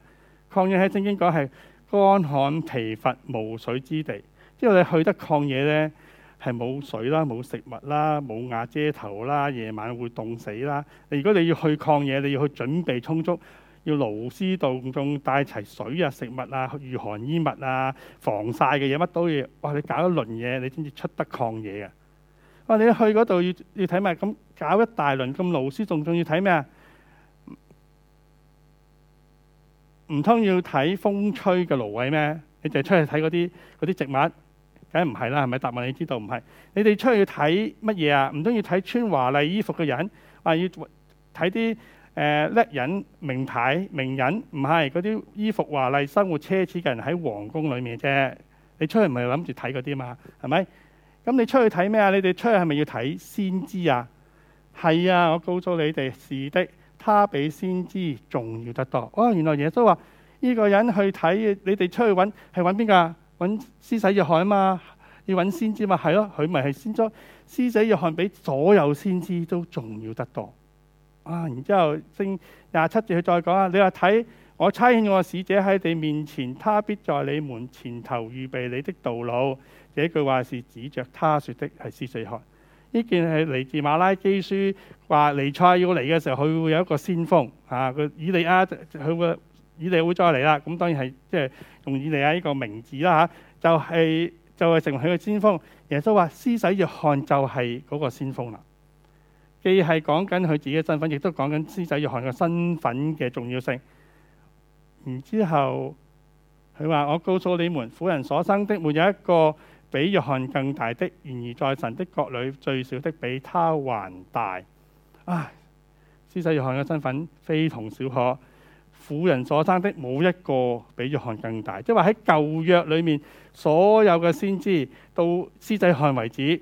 曠野喺聖經講係乾旱疲乏無水之地，即係你去得曠野咧係冇水啦、冇食物啦、冇瓦遮頭啦，夜晚會凍死啦。如果你要去曠野，你要去準備充足。要勞師動眾，帶齊水啊、食物啊、御寒衣物啊、防曬嘅嘢，乜都要。哇！你搞一輪嘢，你先至出得曠野嘅？哇！你去嗰度要要睇埋咁搞一大輪，咁勞師動仲要睇咩啊？唔通要睇風吹嘅蘆葦咩？你哋出去睇嗰啲啲植物，梗唔係啦，係咪？答案你知道唔係。你哋出去要睇乜嘢啊？唔通要睇穿華麗衣服嘅人，話要睇啲。誒叻、呃、人、名牌、名人，唔係嗰啲衣服華麗、生活奢侈嘅人喺皇宮裏面啫。你出去唔係諗住睇嗰啲嘛？係咪？咁你出去睇咩啊？你哋出去係咪要睇先知啊？係啊，我告訴你哋，是的，他比先知重要得多。哇、哦！原來耶穌話：呢、這個人去睇，你哋出去揾係揾邊個？揾施洗約翰啊嘛，要揾先知嘛，係咯、啊，佢咪係先知。施洗約翰比所有先知都重要得多。啊！然之後，先廿七節佢再講啦。你話睇我差遣我使者喺你面前，他必在你門前，前頭預備你的道路。這句話是指着，「他說的係施洗約翰。呢件係嚟自馬拉基書話尼賽要嚟嘅時候，佢會有一個先鋒啊！佢以利亞，佢會以利亞會再嚟啦。咁當然係即係用以利亞呢個名字啦嚇、啊，就係、是、就係、是、成為佢嘅先鋒。耶穌話施洗約翰就係嗰個先鋒啦。既係講緊佢自己嘅身份，亦都講緊施洗約翰嘅身份嘅重要性。然之後，佢話：我告訴你們，婦人所生的沒有一個比約翰更大的，然而在神的國裏最小的比他還大。啊！施洗約翰嘅身份非同小可，婦人所生的冇一個比約翰更大，即係話喺舊約裏面所有嘅先知到施洗約翰為止，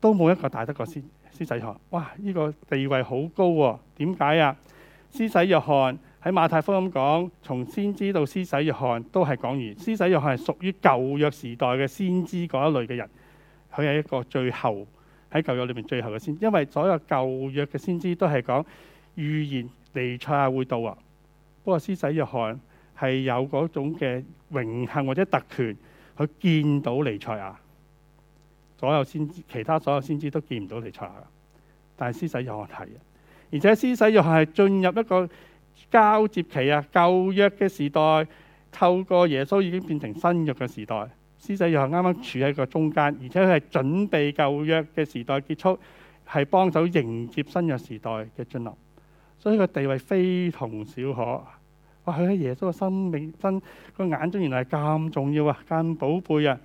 都冇一個大得過先。施洗約翰，哇！呢個地位好高喎，點解啊？施洗約翰喺馬太福音噉講，從先知到施洗約翰都係講預言。施洗約翰係屬於舊約時代嘅先知嗰一類嘅人，佢係一個最後喺舊約裏面最後嘅先。因為所有舊約嘅先知都係講預言，彌賽亞會到啊。不過施洗約翰係有嗰種嘅榮幸或者特權，佢見到彌賽亞。所有先知，其他所有先知都見唔到你查下，但係施洗又問睇啊！而且施洗又係進入一個交接期啊，舊約嘅時代透過耶穌已經變成新約嘅時代，施洗又係啱啱處喺個中間，而且佢係準備舊約嘅時代結束，係幫手迎接新約時代嘅進入，所以個地位非同小可。哇！佢喺耶穌嘅生命真、真個眼中，原來係咁重要啊，咁寶貝啊！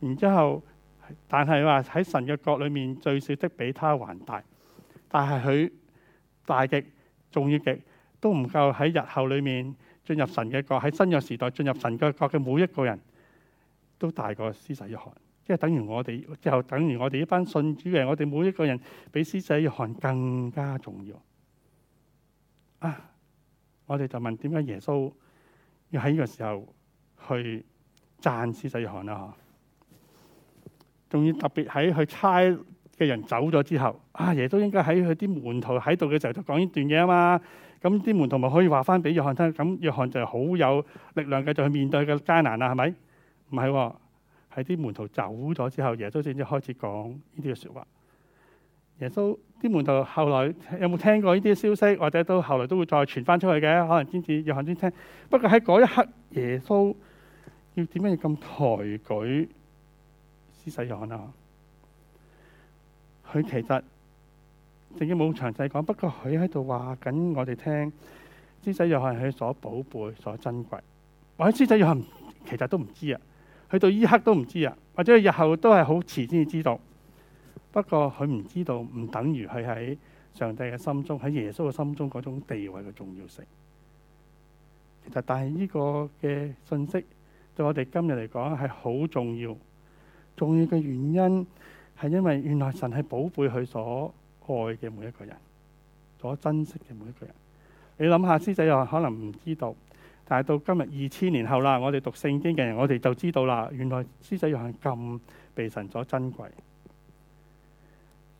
然之後。但係話喺神嘅國裏面最少的比他還大，但係佢大極重要極，都唔夠喺日後裏面進入神嘅國，喺新約時代進入神嘅國嘅每一個人都大過施洗約翰，即係等於我哋之後等於我哋呢班信主嘅，我哋每一個人比施洗約翰更加重要啊！我哋就問，點解耶穌要喺呢個時候去讚施洗約翰啦？仲要特別喺佢差嘅人走咗之後，啊！耶穌應該喺佢啲門徒喺度嘅時候就講呢段嘢啊嘛。咁啲門徒咪可以話翻俾約翰聽。咁約翰就係好有力量繼續去面對嘅艱難啦，係咪？唔係喎，喺啲門徒走咗之後，耶穌先至開始講呢啲嘅説話。耶穌啲門徒後來有冇聽過呢啲消息？或者都後來都會再傳翻出去嘅？可能先至約翰先聽。不過喺嗰一刻，耶穌要點樣要咁抬舉？施洗約翰可能，佢、啊、其實仲要冇詳細講，不過佢喺度話緊我哋聽施洗約翰係佢所寶貝、所珍貴。或者施洗約翰其實都唔知啊，去到依刻都唔知啊，或者佢日後都係好遲先至知道。不過佢唔知道，唔等於佢喺上帝嘅心中，喺耶穌嘅心中嗰種地位嘅重要性。其實但，但係呢個嘅信息對我哋今日嚟講係好重要。重要嘅原因係因為原來神係寶貝佢所愛嘅每一個人，所珍惜嘅每一個人。你諗下，獅仔又可能唔知道，但係到今日二千年後啦，我哋讀聖經嘅人，我哋就知道啦。原來獅仔又係咁被神所珍貴。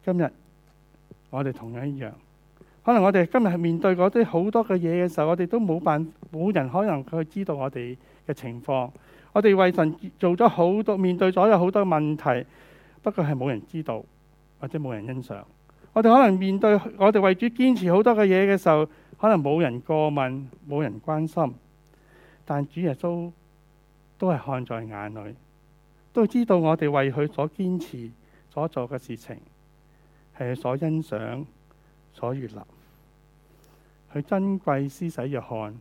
今日我哋同樣一樣，可能我哋今日係面對嗰啲好多嘅嘢嘅時候，我哋都冇辦冇人可能佢知道我哋嘅情況。我哋為神做咗好多，面對咗有好多問題，不過係冇人知道，或者冇人欣賞。我哋可能面對我哋為主堅持好多嘅嘢嘅時候，可能冇人過問，冇人關心。但主耶穌都係看在眼裏，都知道我哋為佢所堅持所做嘅事情係所欣賞所悅納，佢珍貴施洗約翰。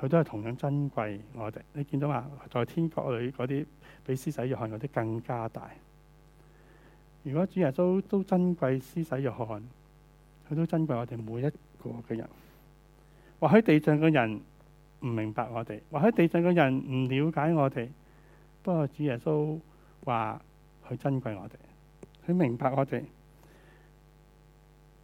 佢都係同樣珍貴我哋。你見到嘛，在天國裏嗰啲比施洗約翰嗰啲更加大。如果主耶穌都珍貴施洗約翰，佢都珍貴我哋每一個嘅人。或者地上嘅人唔明白我哋，或者地上嘅人唔了解我哋，不過主耶穌話佢珍貴我哋，佢明白我哋。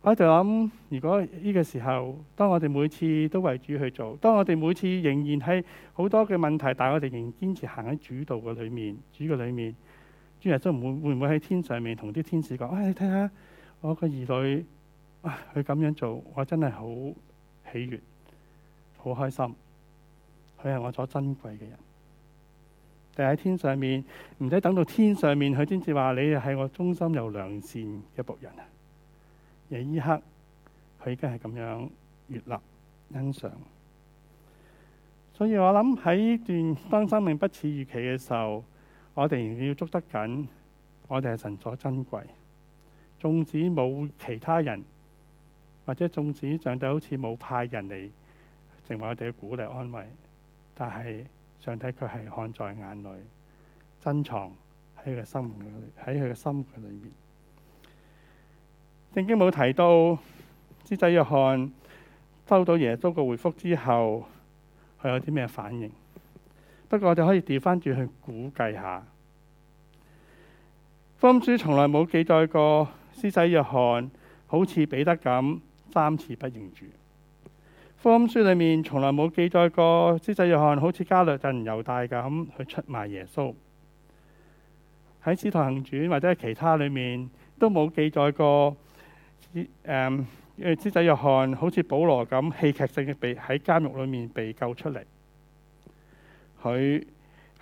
我就諗，如果呢個時候，當我哋每次都為主去做，當我哋每次仍然係好多嘅問題，但係我哋仍然堅持行喺主道嘅裡面，主嘅裡面，主耶穌會會唔會喺天上面同啲天使講：哎，唉，你睇下我個兒女，佢咁樣做，我真係好喜悦，好開心，佢係我所珍貴嘅人。定係喺天上面，唔使等到天上面，佢先至話你係我忠心又良善嘅僕人啊！嘅依刻，佢依家係咁樣閱覽欣賞。所以我諗喺呢段當生命不似預期嘅時候，我哋要捉得緊，我哋係神所珍貴，縱使冇其他人，或者縱使上帝好似冇派人嚟，成為我哋嘅鼓勵安慰，但係上帝佢係看在眼裏珍藏喺佢嘅心裏，喺佢嘅心裡裏面。聖經冇提到施洗約翰收到耶穌個回覆之後，佢有啲咩反應？不過我哋可以調翻轉去估計下。福音書從來冇記載過施洗約翰好似彼得咁三次不認主。福音書裏面從來冇記載過施洗約翰好似加略人猶大咁去出賣耶穌。喺使徒行傳或者其他裏面都冇記載過。啲誒，誒、um，之仔約翰好似保羅咁，戲劇性嘅被喺監獄裏面被救出嚟。佢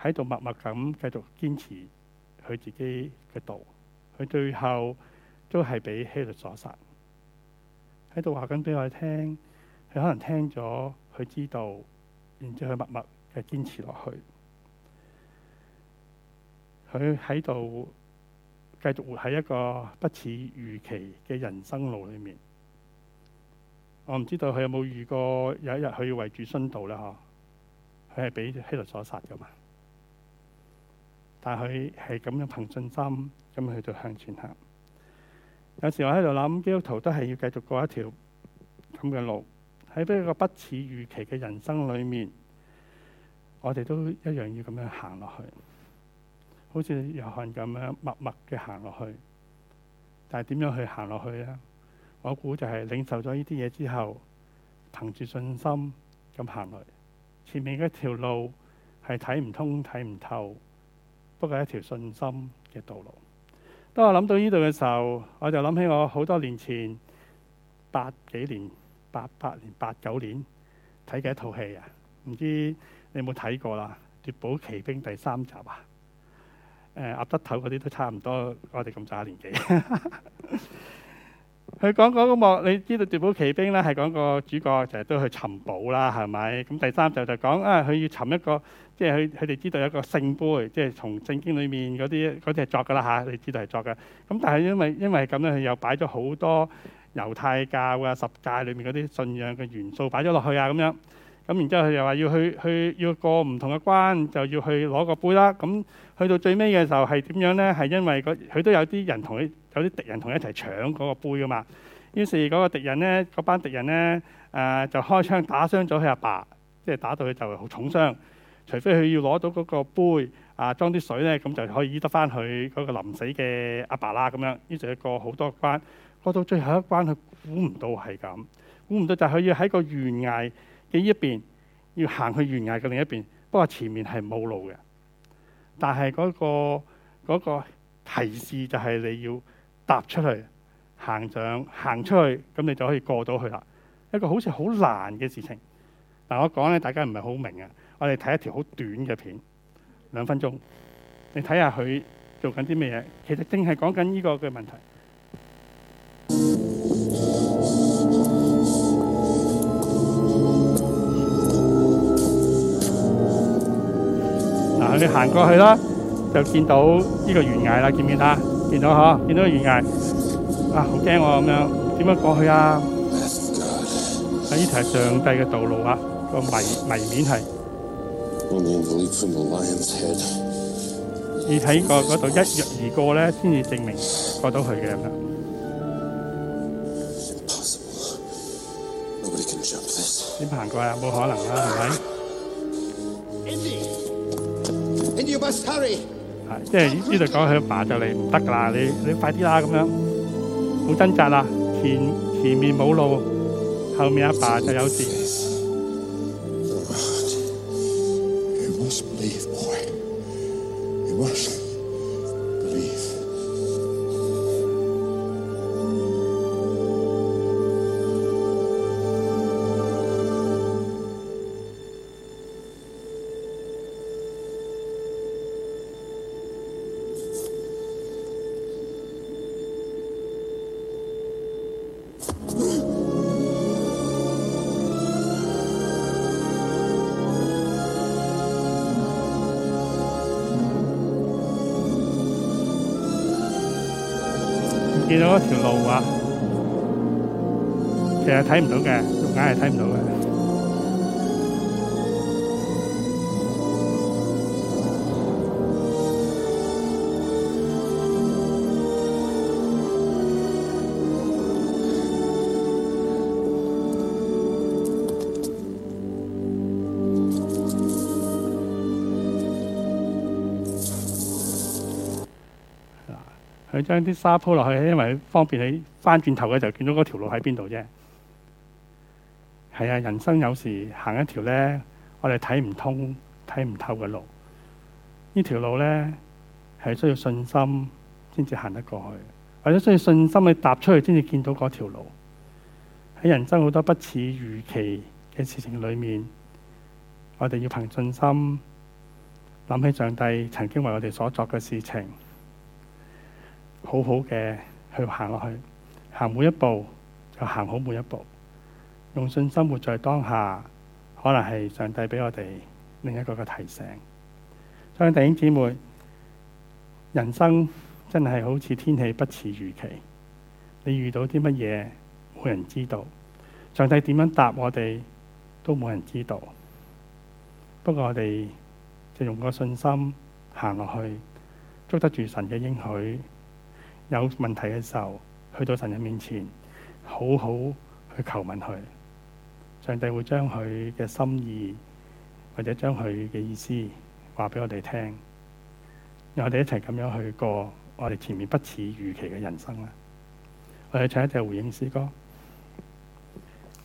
喺度默默咁繼續堅持佢自己嘅道。佢最後都係俾希律所殺，喺度話緊俾我哋聽。佢可能聽咗，佢知道，然之後默默嘅堅持落去。佢喺度。繼續活喺一個不似預期嘅人生路裏面，我唔知道佢有冇遇過，有一日佢要為住殉道啦嗬，佢係俾希律所殺噶嘛，但係佢係咁樣憑信心咁去到向前行。有時我喺度諗，基督徒都係要繼續過一條咁嘅路，喺一個不似預期嘅人生裏面，我哋都一樣要咁樣行落去。好似約翰咁樣默默嘅行落去，但係點樣去行落去咧？我估就係領受咗呢啲嘢之後，憑住信心咁行落去。前面一條路係睇唔通，睇唔透，不過一條信心嘅道路。當我諗到呢度嘅時候，我就諗起我好多年前八幾年，八八年，八九年睇嘅一套戲啊！唔知你有冇睇過啦，《奪寶奇兵》第三集啊！誒、呃、鴨得頭嗰啲都差唔多我差，我哋咁齋年紀。佢講嗰個幕，你知道《奪寶奇兵》咧係講個主角就係都去尋寶啦，係咪？咁第三就就講啊，佢要尋一個，即係佢佢哋知道有一個聖杯，即係從聖經裏面嗰啲嗰啲係作噶啦吓，你知道係作噶。咁但係因為因為咁樣，佢又擺咗好多猶太教啊十戒裏面嗰啲信仰嘅元素擺咗落去啊，咁樣。咁，然之後佢又話要去去要過唔同嘅關，就要去攞個杯啦。咁去到最尾嘅時候係點樣呢？係因為佢都有啲人同佢有啲敵人同佢一齊搶嗰個杯㗎嘛。於是嗰個敵人呢，嗰班敵人呢，誒、呃、就開槍打傷咗佢阿爸，即係打到佢就好重傷。除非佢要攞到嗰個杯啊，裝啲水呢，咁就可以醫得翻佢嗰個臨死嘅阿爸啦。咁樣，於是佢過好多關過到最後一關，佢估唔到係咁，估唔到就係佢要喺個懸崖嘅一邊要行去懸崖嘅另一邊，不過前面係冇路嘅。但係嗰個嗰個提示就係你要踏出去，行上行出去，咁你就可以過到去啦。一個好似好難嘅事情，但我講咧大家唔係好明啊。我哋睇一條好短嘅片，兩分鐘，你睇下佢做緊啲咩嘢。其實正係講緊呢個嘅問題。你行過去啦，就見到呢個懸崖啦，見唔見啊？見到嗬，見到個懸崖啊！好驚喎咁樣，點樣過去啊？呢條係上帝嘅道路啊，個迷迷面係。你喺個嗰度一躍而過咧，先至證明過到去嘅。點行過啊？冇可能啦，係咪？啊！即係呢度講佢阿爸就嚟唔得噶啦，你你快啲啦咁樣，冇掙扎啦，前前面冇路，後面阿爸，爸就有事。佢將啲沙鋪落去，因為方便你翻轉頭嘅時候見到嗰條路喺邊度啫。係啊，人生有時行一條呢，我哋睇唔通、睇唔透嘅路。呢條路呢，係需要信心先至行得過去，或者需要信心去踏出去先至見到嗰條路。喺人生好多不似預期嘅事情裡面，我哋要憑信心，諗起上帝曾經為我哋所作嘅事情。好好嘅去行落去，行每一步就行好每一步，用信心活在當下，可能係上帝俾我哋另一個嘅提醒。上帝弟兄姊妹，人生真係好似天氣不似預期，你遇到啲乜嘢冇人知道，上帝點樣答我哋都冇人知道。不過我哋就用個信心行落去，捉得住神嘅應許。有問題嘅時候，去到神人面前，好好去求問佢。上帝會將佢嘅心意或者將佢嘅意思話俾我哋聽，讓我哋一齊咁樣去過我哋前面不似預期嘅人生啦。我哋唱一隻回應詩歌，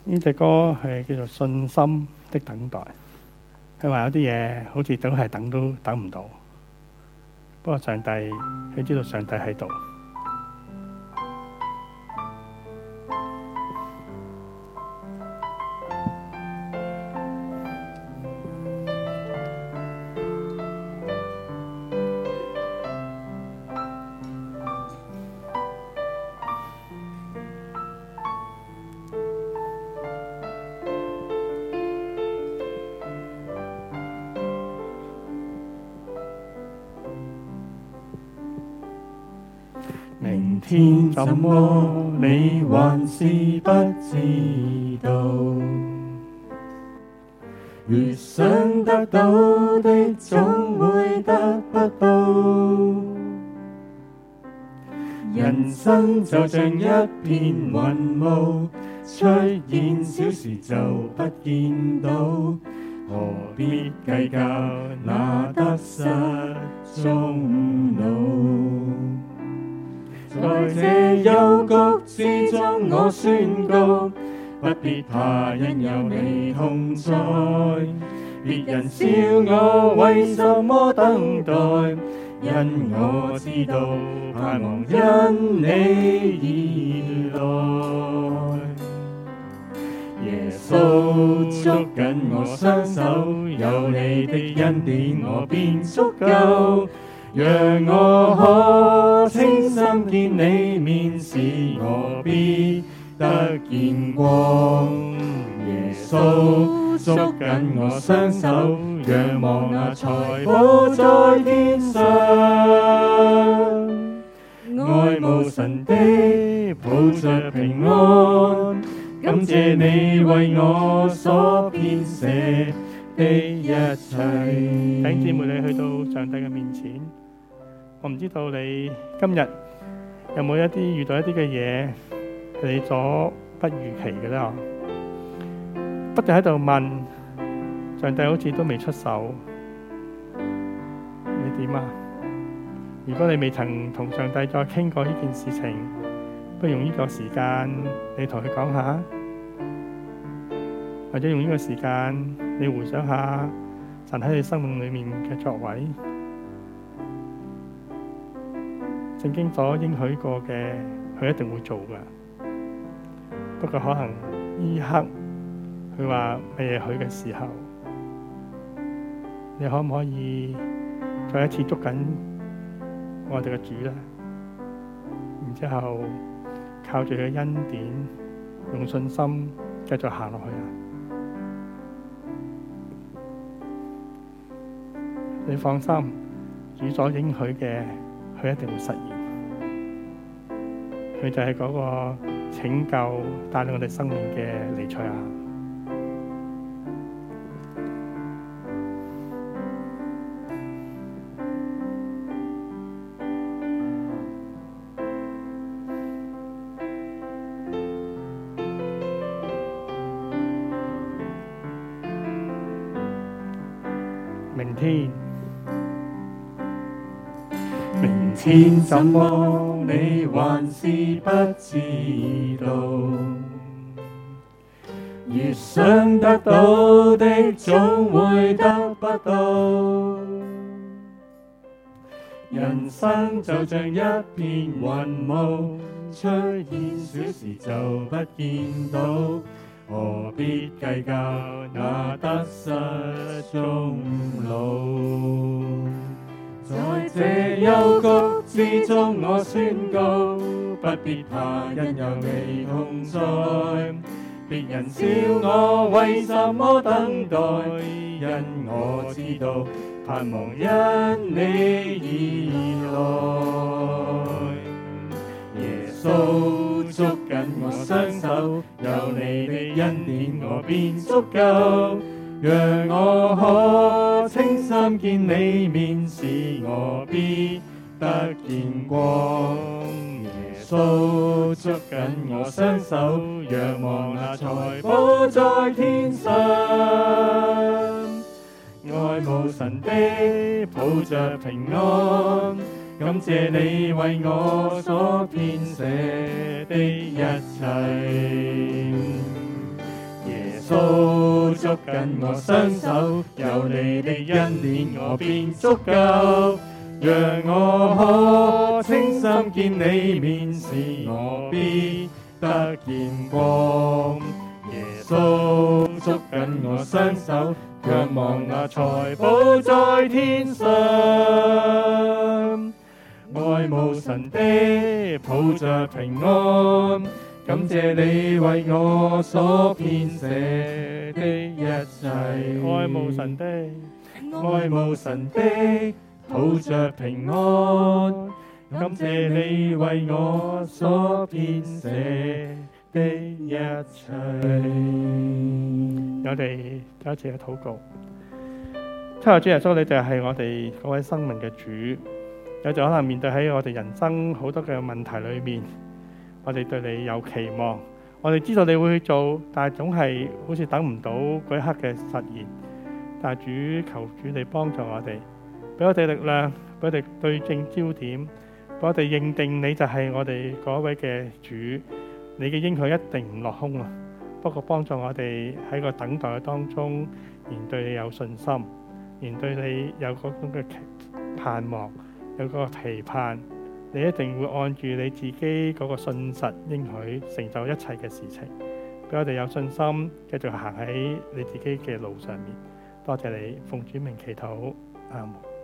呢隻歌係叫做《信心的等待》，佢話有啲嘢好似都係等都等唔到，不過上帝佢知道上帝喺度。天怎麼你還是不知道？越想得到的總會得不到。人生就像一片雲霧，出現小時就不見到，何必計較？那得失？在這幽谷之中，我宣告，不必怕，因有你同在。別人笑我為什麼等待，因我知道，盼望因你而來。 耶穌捉緊我雙手，有你的恩典我便足夠。讓我可清心見你面，使我必得見光。耶穌捉緊我雙手，仰望那財寶在天上。愛慕神的，抱着平安，感謝你為我所編寫的一切。帶領姐妹你去到上帝嘅面前。我唔知道你今日有冇一啲遇到一啲嘅嘢係你所不預期嘅啦。不停喺度問上帝好似都未出手，你點啊？如果你未曾同上帝再傾過呢件事情，不如用呢個時間你同佢講下，或者用呢個時間你回想下曾喺你生命裏面嘅作為。聖經所應許過嘅，佢一定會做噶。不過可能呢刻佢話乜嘢許嘅時候，你可唔可以再一次捉緊我哋嘅主咧？然之後靠住佢嘅恩典，用信心繼續行落去啊！你放心，主所應許嘅。佢一定會實現，佢就係嗰個拯救帶領我哋生命嘅彌賽亞。明天。天怎麼你還是不知道？越想得到的總會得不到。人生就像一片雲霧，出現小時就不見到，何必計較那得失終老？在這幽谷之中，我宣告，不必怕，因有你同在。別人笑我為什麼等待，因我知道，盼望因你而來。耶穌捉緊我雙手，有你嘅恩典我便足夠。讓我可清心見你面，使我必得見光。耶穌捉緊我雙手，仰望那財寶在天上。愛慕神的，抱着平安，感謝你為我所編寫的一切。耶穌捉緊我雙手，有你的恩典我便足夠，讓我可清心見你面，是我必得見光。耶穌捉緊我雙手，仰望那財寶在天上，愛慕神的抱着平安。感謝你為我所編寫的一切，愛慕神的，愛慕神的，抱着平安。感謝你為我所編寫的一切。我哋再一次嘅禱告，親愛的主耶穌，你就係我哋各位生命嘅主。有陣可能面對喺我哋人生好多嘅問題裏面。我哋對你有期望，我哋知道你會去做，但係總係好似等唔到嗰一刻嘅實現。但係主求主你幫助我哋，俾我哋力量，俾我哋對正焦點，俾我哋認定你就係我哋嗰位嘅主，你嘅應許一定唔落空啊！不過幫助我哋喺個等待嘅當中，仍對你有信心，仍對你有嗰種嘅盼望，有個期盼。你一定會按住你自己嗰個信實應許成就一切嘅事情，俾我哋有信心繼續行喺你自己嘅路上面。多謝你，奉主名祈禱阿門。